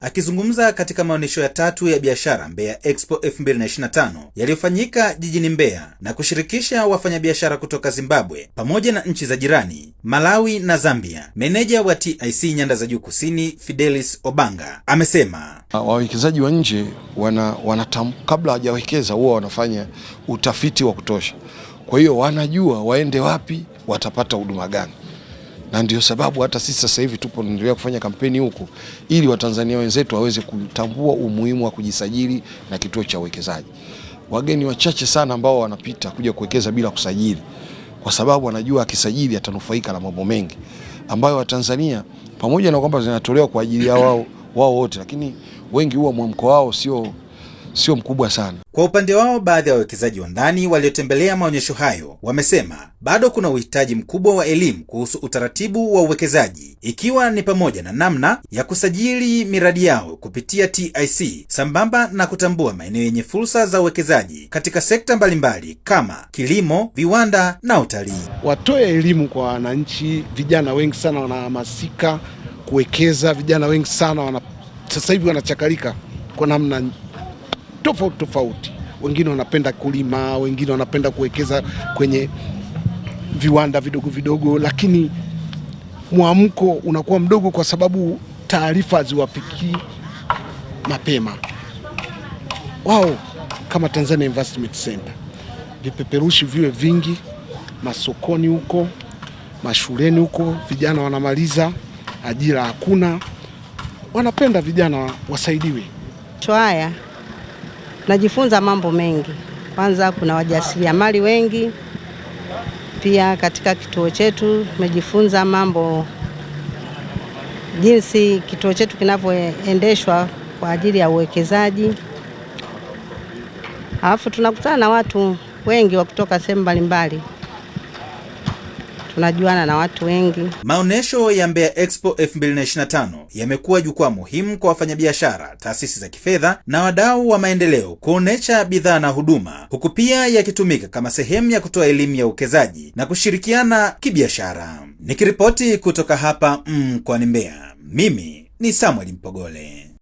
Akizungumza katika maonyesho ya tatu ya biashara Mbeya Expo 2025 yaliyofanyika jijini Mbeya na kushirikisha wafanyabiashara kutoka Zimbabwe pamoja na nchi za jirani Malawi na Zambia, meneja wa TIC Nyanda za Juu Kusini Fidelis Obanga amesema ah, wawekezaji wa nje wana, wana kabla hawajawekeza huwa wanafanya utafiti wa kutosha, kwa hiyo wanajua waende wapi watapata huduma gani na ndio sababu hata sisi sasa hivi tupo tunaendelea kufanya kampeni huku ili Watanzania wenzetu waweze kutambua umuhimu wa kujisajili na kituo cha uwekezaji. Wageni wachache sana ambao wanapita kuja kuwekeza bila kusajili, kwa sababu wanajua akisajili atanufaika na mambo mengi ambayo Watanzania pamoja na kwamba zinatolewa kwa ajili ya wao wao wote, lakini wengi huwa mwamko wao sio sio mkubwa sana. Kwa upande wao, baadhi ya wawekezaji wa ndani waliotembelea maonyesho hayo wamesema bado kuna uhitaji mkubwa wa elimu kuhusu utaratibu wa uwekezaji, ikiwa ni pamoja na namna ya kusajili miradi yao kupitia TIC sambamba na kutambua maeneo yenye fursa za uwekezaji katika sekta mbalimbali kama kilimo, viwanda na utalii. Watoe elimu kwa wananchi. Vijana wengi sana wanahamasika kuwekeza, vijana wengi sana wana sasa hivi wanachakalika kwa namna tofauti tofauti. Wengine wanapenda kulima, wengine wanapenda kuwekeza kwenye viwanda vidogo vidogo, lakini mwamko unakuwa mdogo kwa sababu taarifa haziwafikii mapema. Wao kama Tanzania Investment Center, vipeperushi viwe vingi masokoni huko, mashuleni huko, vijana wanamaliza ajira hakuna, wanapenda vijana wasaidiwe. Chwaya najifunza mambo mengi. Kwanza kuna wajasiriamali wengi, pia katika kituo chetu tumejifunza mambo jinsi kituo chetu kinavyoendeshwa kwa ajili ya uwekezaji. Alafu tunakutana na watu wengi wa kutoka sehemu mbalimbali tunajuana na watu wengi. Maonesho ya Mbeya Expo 2025 yamekuwa jukwaa muhimu kwa wafanyabiashara, taasisi za kifedha na wadau wa maendeleo kuonesha bidhaa na huduma, huku pia yakitumika kama sehemu ya kutoa elimu ya uwekezaji na kushirikiana kibiashara. Nikiripoti kutoka hapa mkoani mm, Mbeya, mimi ni Samuel Mpogole.